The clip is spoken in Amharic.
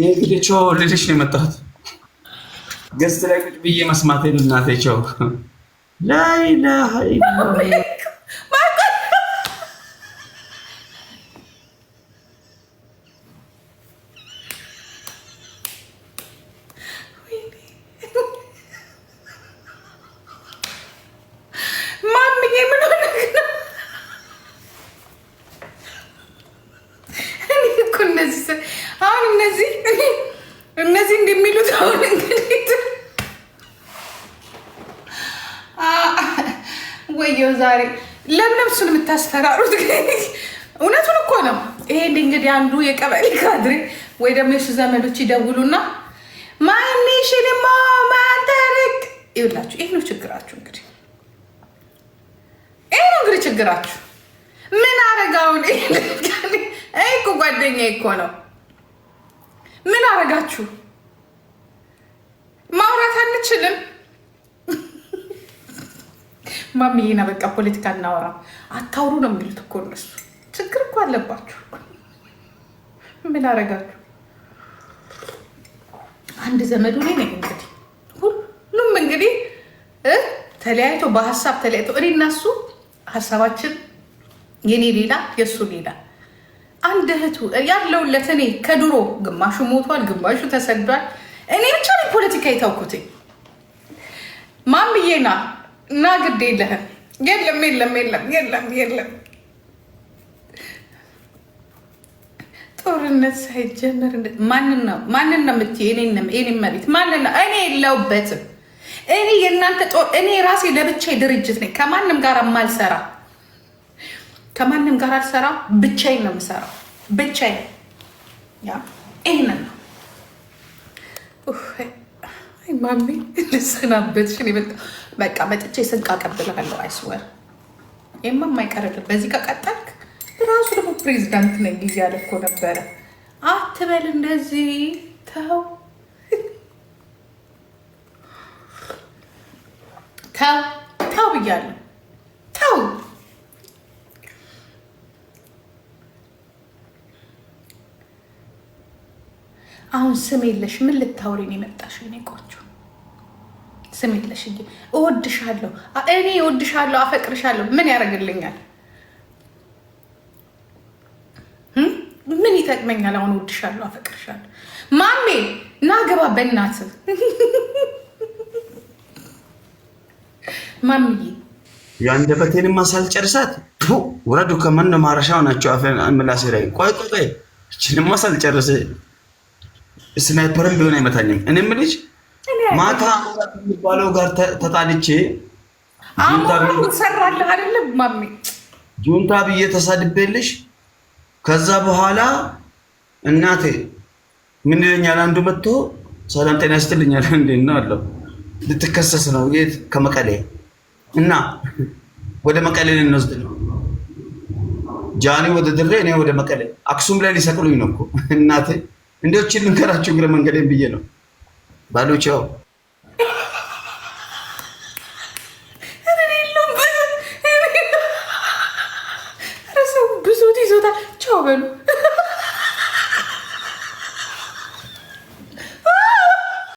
የግዴቸው ልልሽ ነው የመጣሁት። ገዝት ላይ ቁጭ ብዬ መስማት ሄዱ ላይ እነዚህ አሁን እነዚህ እነዚህ እንደሚሉት አሁን እንግዲህ ወየው ዛሬ ለምን እሱን የምታስፈራሩት? እውነቱን እኮ ነው። ይሄ እንግዲህ አንዱ የቀበሌ ካድሬ ወይ ደግሞ የሱ ዘመዶች ይደውሉና ማንሽን ሞ ማንተርቅ ይውላችሁ። ይህ ነው ችግራችሁ እንግዲህ ይህ ነው እንግዲህ ችግራችሁ ምን አረጋውን ጓደኛ እኮ ነው። ምን አረጋችሁ? ማውራት አንችልም። ማሚዬና በቃ ፖለቲካ እናወራ አታውሩ ነው የሚሉት እኮ እነሱ። ችግር እኮ አለባችሁ። ምን አረጋችሁ? አንድ ዘመዱ ላይ ነው እንግዲህ ሁሉም እንግዲህ ተለያይቶ በሀሳብ ተለያይቶ እኔ እና እሱ ሀሳባችን የኔ ሌላ የእሱ ሌላ አንድ እህቱ ያለውለት እኔ ከድሮ ግማሹ ሞቷል፣ ግማሹ ተሰዷል። እኔ ብቻ ነኝ ፖለቲካ የታውኩትኝ። ማን ብዬ ና እና ግድ የለህም የለም የለም የለም የለም የለም ጦርነት ሳይጀመር ማንን ነው የምትይው? መሬት ማንን ነው? እኔ የለውበትም። እኔ የእናንተ ጦር እኔ ራሴ ለብቻ ድርጅት ነኝ ከማንም ጋር የማልሰራ ከማንም ጋር አልሰራ፣ ብቻዬን ነው የምሰራው። ብቻዬን ይህንን ነው ማሜ ልሰናበትሽን በቃ መጥቼ ስንቅ አቀብልሃለሁ። አይስወር ይህማ አይቀርልም። በዚህ ከቀጠልክ ራሱ ደግሞ ፕሬዚዳንት ነኝ ጊዜ እኮ ነበረ። አትበል እንደዚህ ተው ተው ተው እያለ አሁን ስም የለሽ ምን ልታወሪ ነው የመጣሽ? እኔ ቆንጆ ስም የለሽ እ እወድሻለሁ እኔ እወድሻለሁ አፈቅርሻለሁ ምን ያደርግልኛል? ምን ይጠቅመኛል? አሁን እወድሻለሁ አፈቅርሻለሁ ማሜ ና ግባ በእናት ማሚዬ የአንደበቴን ማሳል ጨርሳት ውረዱ ከመነ ማረሻው ናቸው ምላሴ ላይ ቆይ ቆይ ቆይ እችንማ ሳልጨርስ ስናይፐርም ቢሆን አይመታኝም። እኔም ልጅ ማታ የሚባለው ጋር ተጣልቼ ሰራለህ አይደለም ማሜ ጁንታ ብዬ ተሳድቤልሽ። ከዛ በኋላ እናቴ ምን ይለኛል? አንዱ መጥቶ ሰላም ጤና ይስጥልኛል እንዴ ነው አለው። ልትከሰስ ነው የት? ከመቀሌ እና ወደ መቀሌ ልንወስድ ነው። ጃኒ ወደ ድሬ፣ እኔ ወደ መቀሌ። አክሱም ላይ ሊሰቅሉኝ ነው እኮ እናቴ እንዴዎች ልንገራችሁ እግረ መንገዴን ብዬ ነው ባሉቸው ያው ብዙ ይዞታል። ቻው በሉ